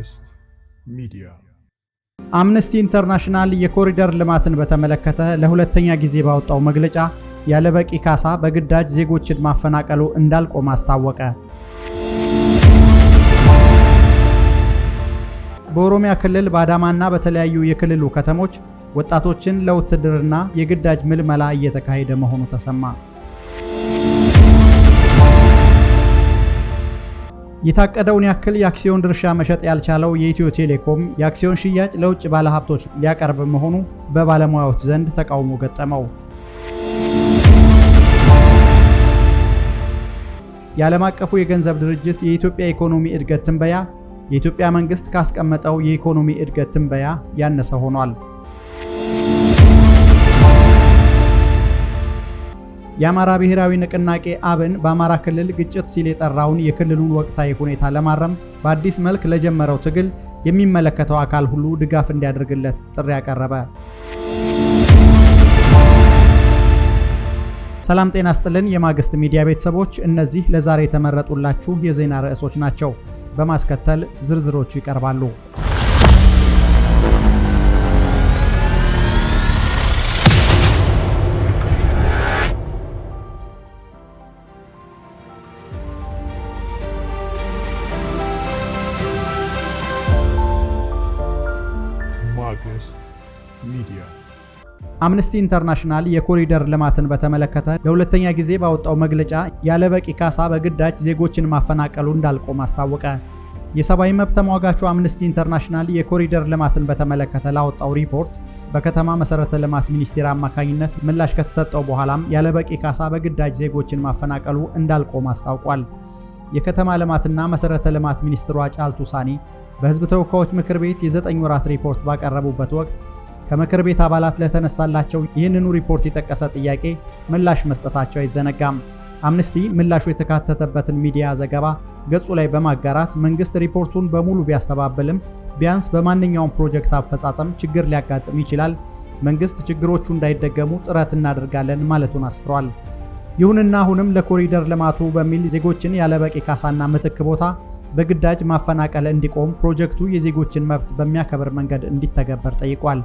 አምነስት ሚዲያ አምነስቲ ኢንተርናሽናል የኮሪደር ልማትን በተመለከተ ለሁለተኛ ጊዜ ባወጣው መግለጫ ያለበቂ ካሳ በግዳጅ ዜጎችን ማፈናቀሉ እንዳልቆም አስታወቀ። በኦሮሚያ ክልል በአዳማና በተለያዩ የክልሉ ከተሞች ወጣቶችን ለውትድርና የግዳጅ ምልመላ እየተካሄደ መሆኑ ተሰማ። የታቀደውን ያክል የአክሲዮን ድርሻ መሸጥ ያልቻለው የኢትዮ ቴሌኮም የአክሲዮን ሽያጭ ለውጭ ባለሀብቶች ሊያቀርብ መሆኑ በባለሙያዎች ዘንድ ተቃውሞ ገጠመው። የዓለም አቀፉ የገንዘብ ድርጅት የኢትዮጵያ ኢኮኖሚ እድገት ትንበያ የኢትዮጵያ መንግስት ካስቀመጠው የኢኮኖሚ እድገት ትንበያ ያነሰ ሆኗል። የአማራ ብሔራዊ ንቅናቄ አብን በአማራ ክልል ግጭት ሲል የጠራውን የክልሉን ወቅታዊ ሁኔታ ለማረም በአዲስ መልክ ለጀመረው ትግል የሚመለከተው አካል ሁሉ ድጋፍ እንዲያደርግለት ጥሪ ያቀረበ። ሰላም ጤና ስጥልን፣ የማግስት ሚዲያ ቤተሰቦች፣ እነዚህ ለዛሬ የተመረጡላችሁ የዜና ርዕሶች ናቸው። በማስከተል ዝርዝሮቹ ይቀርባሉ። አምነስቲ ኢንተርናሽናል የኮሪደር ልማትን በተመለከተ ለሁለተኛ ጊዜ ባወጣው መግለጫ ያለበቂ ካሳ በግዳጅ ዜጎችን ማፈናቀሉ እንዳልቆም አስታወቀ። የሰብአዊ መብት ተሟጋቹ አምነስቲ ኢንተርናሽናል የኮሪደር ልማትን በተመለከተ ላወጣው ሪፖርት በከተማ መሰረተ ልማት ሚኒስቴር አማካኝነት ምላሽ ከተሰጠው በኋላም ያለበቂ ካሳ በግዳጅ ዜጎችን ማፈናቀሉ እንዳልቆም አስታውቋል። የከተማ ልማትና መሰረተ ልማት ሚኒስትሯ ጫልቱ ሳኒ በህዝብ ተወካዮች ምክር ቤት የዘጠኝ ወራት ሪፖርት ባቀረቡበት ወቅት ከምክር ቤት አባላት ለተነሳላቸው ይህንኑ ሪፖርት የጠቀሰ ጥያቄ ምላሽ መስጠታቸው አይዘነጋም። አምነስቲ ምላሹ የተካተተበትን ሚዲያ ዘገባ ገጹ ላይ በማጋራት መንግስት ሪፖርቱን በሙሉ ቢያስተባብልም ቢያንስ በማንኛውም ፕሮጀክት አፈጻጸም ችግር ሊያጋጥም ይችላል፣ መንግስት ችግሮቹ እንዳይደገሙ ጥረት እናደርጋለን ማለቱን አስፍሯል። ይሁንና አሁንም ለኮሪደር ልማቱ በሚል ዜጎችን ያለበቂ ካሳና ምትክ ቦታ በግዳጅ ማፈናቀል እንዲቆም ፕሮጀክቱ የዜጎችን መብት በሚያከብር መንገድ እንዲተገበር ጠይቋል።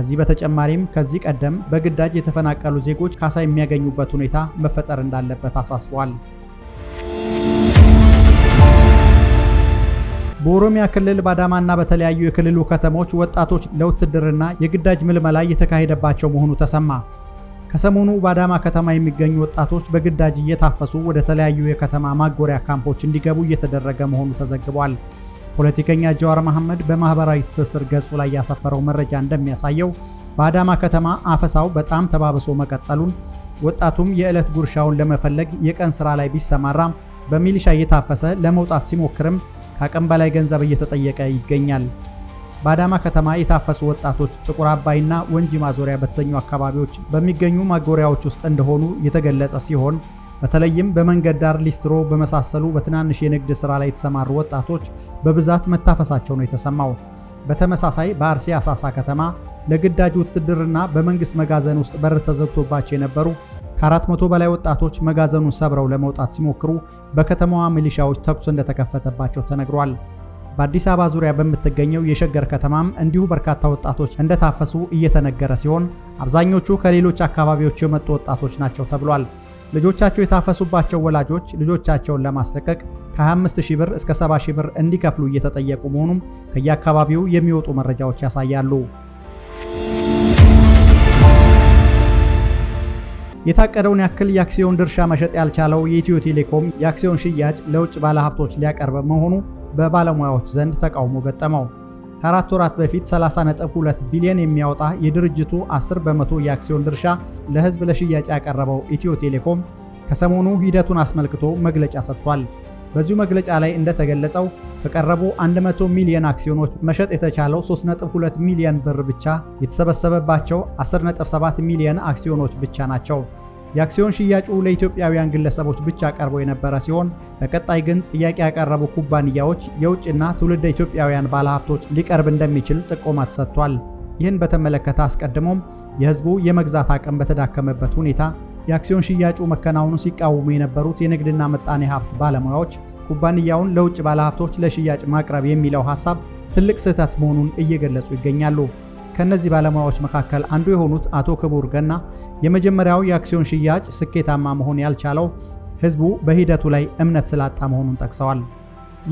ከዚህ በተጨማሪም ከዚህ ቀደም በግዳጅ የተፈናቀሉ ዜጎች ካሳ የሚያገኙበት ሁኔታ መፈጠር እንዳለበት አሳስቧል። በኦሮሚያ ክልል ባዳማና በተለያዩ የክልሉ ከተሞች ወጣቶች ለውትድርና የግዳጅ ምልመላ እየተካሄደባቸው መሆኑ ተሰማ። ከሰሞኑ ባዳማ ከተማ የሚገኙ ወጣቶች በግዳጅ እየታፈሱ ወደ ተለያዩ የከተማ ማጎሪያ ካምፖች እንዲገቡ እየተደረገ መሆኑ ተዘግቧል። ፖለቲከኛ ጀዋር መሐመድ በማህበራዊ ትስስር ገጹ ላይ ያሰፈረው መረጃ እንደሚያሳየው በአዳማ ከተማ አፈሳው በጣም ተባብሶ መቀጠሉን፣ ወጣቱም የዕለት ጉርሻውን ለመፈለግ የቀን ስራ ላይ ቢሰማራም በሚሊሻ እየታፈሰ ለመውጣት ሲሞክርም ከአቅም በላይ ገንዘብ እየተጠየቀ ይገኛል። በአዳማ ከተማ የታፈሱ ወጣቶች ጥቁር አባይና ወንጂ ማዞሪያ በተሰኙ አካባቢዎች በሚገኙ ማጎሪያዎች ውስጥ እንደሆኑ የተገለጸ ሲሆን በተለይም በመንገድ ዳር ሊስትሮ በመሳሰሉ በትናንሽ የንግድ ሥራ ላይ የተሰማሩ ወጣቶች በብዛት መታፈሳቸው ነው የተሰማው። በተመሳሳይ በአርሲ አሳሳ ከተማ ለግዳጅ ውትድርና በመንግሥት መጋዘን ውስጥ በር ተዘግቶባቸው የነበሩ ከ400 በላይ ወጣቶች መጋዘኑን ሰብረው ለመውጣት ሲሞክሩ በከተማዋ ሚሊሻዎች ተኩስ እንደተከፈተባቸው ተነግሯል። በአዲስ አበባ ዙሪያ በምትገኘው የሸገር ከተማም እንዲሁ በርካታ ወጣቶች እንደታፈሱ እየተነገረ ሲሆን አብዛኞቹ ከሌሎች አካባቢዎች የመጡ ወጣቶች ናቸው ተብሏል። ልጆቻቸው የታፈሱባቸው ወላጆች ልጆቻቸውን ለማስለቀቅ ከ25 ብር እስከ 70000 ብር እንዲከፍሉ እየተጠየቁ መሆኑም ከየአካባቢው የሚወጡ መረጃዎች ያሳያሉ። የታቀደውን ያክል የአክሲዮን ድርሻ መሸጥ ያልቻለው የኢትዮ ቴሌኮም የአክሲዮን ሽያጭ ለውጭ ባለሀብቶች ሊያቀርብ መሆኑ በባለሙያዎች ዘንድ ተቃውሞ ገጠመው። ከአራት ወራት በፊት 30.2 ቢሊዮን የሚያወጣ የድርጅቱ 10 በመቶ የአክሲዮን ድርሻ ለህዝብ ለሽያጭ ያቀረበው ኢትዮ ቴሌኮም ከሰሞኑ ሂደቱን አስመልክቶ መግለጫ ሰጥቷል። በዚሁ መግለጫ ላይ እንደተገለጸው ከቀረቡ 100 ሚሊዮን አክሲዮኖች መሸጥ የተቻለው 3.2 ሚሊዮን ብር ብቻ፣ የተሰበሰበባቸው 10.7 ሚሊዮን አክሲዮኖች ብቻ ናቸው። የአክሲዮን ሽያጩ ለኢትዮጵያውያን ግለሰቦች ብቻ ቀርቦ የነበረ ሲሆን በቀጣይ ግን ጥያቄ ያቀረቡ ኩባንያዎች፣ የውጭና ትውልድ ኢትዮጵያውያን ባለሀብቶች ሊቀርብ እንደሚችል ጥቆማ ተሰጥቷል። ይህን በተመለከተ አስቀድሞም የሕዝቡ የመግዛት አቅም በተዳከመበት ሁኔታ የአክሲዮን ሽያጩ መከናወኑ ሲቃወሙ የነበሩት የንግድና ምጣኔ ሀብት ባለሙያዎች ኩባንያውን ለውጭ ባለሀብቶች ለሽያጭ ማቅረብ የሚለው ሀሳብ ትልቅ ስህተት መሆኑን እየገለጹ ይገኛሉ። ከእነዚህ ባለሙያዎች መካከል አንዱ የሆኑት አቶ ክቡር ገና የመጀመሪያው የአክሲዮን ሽያጭ ስኬታማ መሆን ያልቻለው ህዝቡ በሂደቱ ላይ እምነት ስላጣ መሆኑን ጠቅሰዋል።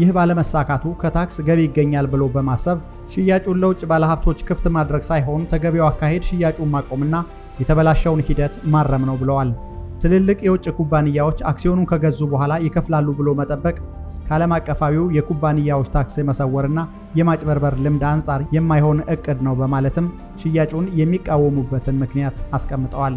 ይህ ባለመሳካቱ ከታክስ ገቢ ይገኛል ብሎ በማሰብ ሽያጩን ለውጭ ባለሀብቶች ክፍት ማድረግ ሳይሆን ተገቢው አካሄድ ሽያጩን ማቆምና የተበላሸውን ሂደት ማረም ነው ብለዋል። ትልልቅ የውጭ ኩባንያዎች አክሲዮኑን ከገዙ በኋላ ይከፍላሉ ብሎ መጠበቅ ከዓለም አቀፋዊው የኩባንያዎች ታክስ መሰወርና የማጭበርበር ልምድ አንጻር የማይሆን እቅድ ነው በማለትም ሽያጩን የሚቃወሙበትን ምክንያት አስቀምጠዋል።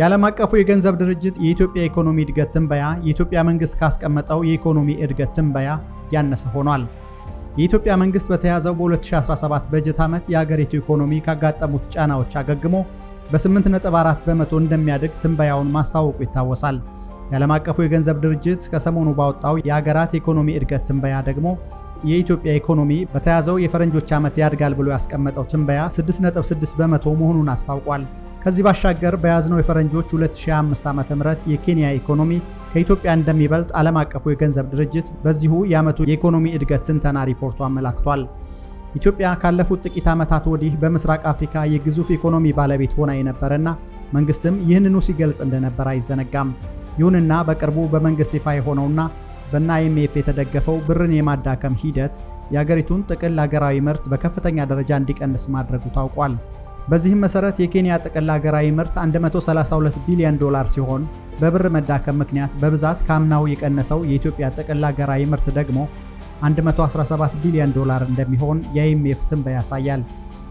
የዓለም አቀፉ የገንዘብ ድርጅት የኢትዮጵያ ኢኮኖሚ እድገት ትንበያ የኢትዮጵያ መንግስት ካስቀመጠው የኢኮኖሚ እድገት ትንበያ ያነሰ ሆኗል። የኢትዮጵያ መንግስት በተያዘው በ2017 በጀት ዓመት የአገሪቱ ኢኮኖሚ ካጋጠሙት ጫናዎች አገግሞ በ8.4 በመቶ እንደሚያድግ ትንበያውን ማስታወቁ ይታወሳል። የዓለም አቀፉ የገንዘብ ድርጅት ከሰሞኑ ባወጣው የአገራት የኢኮኖሚ እድገት ትንበያ ደግሞ የኢትዮጵያ ኢኮኖሚ በተያዘው የፈረንጆች ዓመት ያድጋል ብሎ ያስቀመጠው ትንበያ 6.6 በመቶ መሆኑን አስታውቋል። ከዚህ ባሻገር በያዝነው የፈረንጆች 2005 ዓ ም የኬንያ ኢኮኖሚ ከኢትዮጵያ እንደሚበልጥ ዓለም አቀፉ የገንዘብ ድርጅት በዚሁ የዓመቱ የኢኮኖሚ እድገት ትንተና ሪፖርቱ አመላክቷል። ኢትዮጵያ ካለፉት ጥቂት ዓመታት ወዲህ በምስራቅ አፍሪካ የግዙፍ ኢኮኖሚ ባለቤት ሆና የነበረና መንግስትም ይህንኑ ሲገልጽ እንደነበር አይዘነጋም። ይሁንና በቅርቡ በመንግስት ይፋ የሆነውና በአይኤምኤፍ የተደገፈው ብርን የማዳከም ሂደት የአገሪቱን ጥቅል አገራዊ ምርት በከፍተኛ ደረጃ እንዲቀንስ ማድረጉ ታውቋል። በዚህም መሰረት የኬንያ ጥቅል አገራዊ ምርት 132 ቢሊዮን ዶላር ሲሆን በብር መዳከም ምክንያት በብዛት ካምናው የቀነሰው የኢትዮጵያ ጥቅል አገራዊ ምርት ደግሞ 117 ቢሊዮን ዶላር እንደሚሆን የአይኤምኤፍ ትንበያ ያሳያል።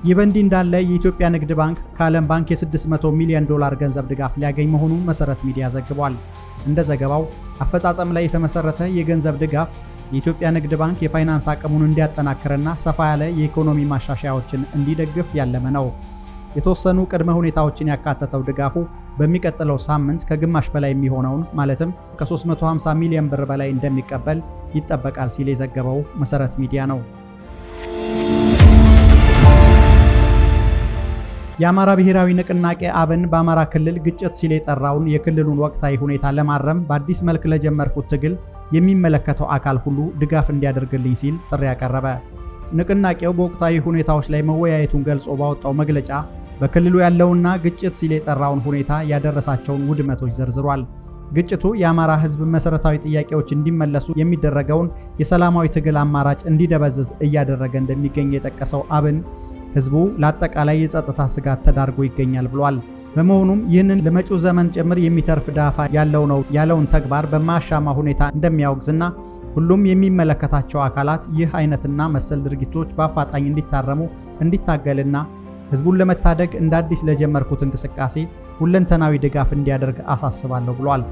ይህ በእንዲህ እንዳለ የኢትዮጵያ ንግድ ባንክ ከዓለም ባንክ የ600 ሚሊዮን ዶላር ገንዘብ ድጋፍ ሊያገኝ መሆኑን መሰረት ሚዲያ ዘግቧል። እንደ ዘገባው አፈጻጸም ላይ የተመሰረተ የገንዘብ ድጋፍ የኢትዮጵያ ንግድ ባንክ የፋይናንስ አቅሙን እንዲያጠናክርና ሰፋ ያለ የኢኮኖሚ ማሻሻያዎችን እንዲደግፍ ያለመ ነው። የተወሰኑ ቅድመ ሁኔታዎችን ያካተተው ድጋፉ በሚቀጥለው ሳምንት ከግማሽ በላይ የሚሆነውን ማለትም ከ350 ሚሊዮን ብር በላይ እንደሚቀበል ይጠበቃል ሲል የዘገበው መሰረት ሚዲያ ነው። የአማራ ብሔራዊ ንቅናቄ አብን በአማራ ክልል ግጭት ሲል የጠራውን የክልሉን ወቅታዊ ሁኔታ ለማረም በአዲስ መልክ ለጀመርኩት ትግል የሚመለከተው አካል ሁሉ ድጋፍ እንዲያደርግልኝ ሲል ጥሪ ያቀረበ። ንቅናቄው በወቅታዊ ሁኔታዎች ላይ መወያየቱን ገልጾ ባወጣው መግለጫ በክልሉ ያለውና ግጭት ሲል የጠራውን ሁኔታ ያደረሳቸውን ውድመቶች ዘርዝሯል። ግጭቱ የአማራ ህዝብ መሰረታዊ ጥያቄዎች እንዲመለሱ የሚደረገውን የሰላማዊ ትግል አማራጭ እንዲደበዝዝ እያደረገ እንደሚገኝ የጠቀሰው አብን ህዝቡ ለአጠቃላይ የጸጥታ ስጋት ተዳርጎ ይገኛል ብሏል። በመሆኑም ይህንን ለመጪው ዘመን ጭምር የሚተርፍ ዳፋ ያለው ነው ያለውን ተግባር በማያሻማ ሁኔታ እንደሚያወግዝና ሁሉም የሚመለከታቸው አካላት ይህ አይነትና መሰል ድርጊቶች በአፋጣኝ እንዲታረሙ እንዲታገልና ህዝቡን ለመታደግ እንደ አዲስ ለጀመርኩት እንቅስቃሴ ሁለንተናዊ ድጋፍ እንዲያደርግ አሳስባለሁ ብሏል።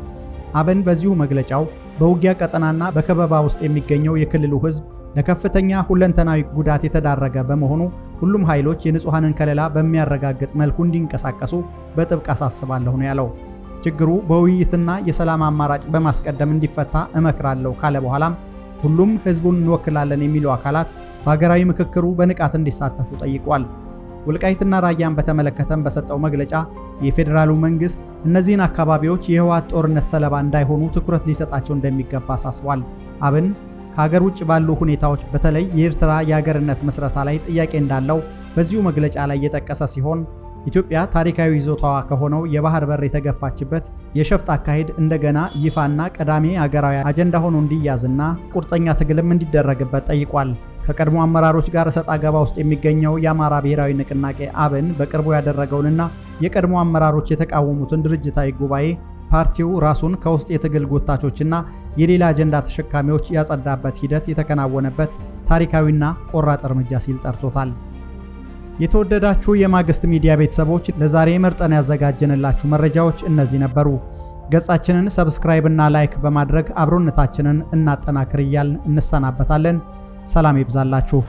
አብን በዚሁ መግለጫው በውጊያ ቀጠናና በከበባ ውስጥ የሚገኘው የክልሉ ህዝብ ለከፍተኛ ሁለንተናዊ ጉዳት የተዳረገ በመሆኑ ሁሉም ኃይሎች የንጹሐንን ከለላ በሚያረጋግጥ መልኩ እንዲንቀሳቀሱ በጥብቅ አሳስባለሁ ነው ያለው። ችግሩ በውይይትና የሰላም አማራጭ በማስቀደም እንዲፈታ እመክራለሁ ካለ በኋላም ሁሉም ህዝቡን እንወክላለን የሚሉ አካላት በሀገራዊ ምክክሩ በንቃት እንዲሳተፉ ጠይቋል። ወልቃይትና ራያን በተመለከተም በሰጠው መግለጫ የፌዴራሉ መንግስት እነዚህን አካባቢዎች የህወሓት ጦርነት ሰለባ እንዳይሆኑ ትኩረት ሊሰጣቸው እንደሚገባ አሳስቧል። አብን ከሀገር ውጭ ባሉ ሁኔታዎች በተለይ የኤርትራ የሀገርነት ምስረታ ላይ ጥያቄ እንዳለው በዚሁ መግለጫ ላይ የጠቀሰ ሲሆን ኢትዮጵያ ታሪካዊ ይዞታዋ ከሆነው የባህር በር የተገፋችበት የሸፍጥ አካሄድ እንደገና ይፋና ቀዳሚ አገራዊ አጀንዳ ሆኖ እንዲያዝና ቁርጠኛ ትግልም እንዲደረግበት ጠይቋል። ከቀድሞ አመራሮች ጋር እሰጥ አገባ ውስጥ የሚገኘው የአማራ ብሔራዊ ንቅናቄ አብን በቅርቡ ያደረገውንና የቀድሞ አመራሮች የተቃወሙትን ድርጅታዊ ጉባኤ ፓርቲው ራሱን ከውስጥ የትግል ጎታቾችና የሌላ አጀንዳ ተሸካሚዎች ያጸዳበት ሂደት የተከናወነበት ታሪካዊና ቆራጥ እርምጃ ሲል ጠርቶታል። የተወደዳችሁ የማግስት ሚዲያ ቤተሰቦች ለዛሬ መርጠን ያዘጋጀንላችሁ መረጃዎች እነዚህ ነበሩ። ገጻችንን ሰብስክራይብ እና ላይክ በማድረግ አብሮነታችንን እናጠናክር እያልን እንሰናበታለን። ሰላም ይብዛላችሁ።